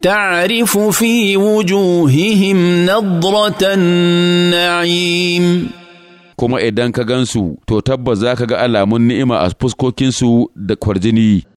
تعرف في وجوههم نضرة النعيم kuma idan ka gansu to tabbas za ka ga alamun ni'ima a fuskokinsu da kwarjini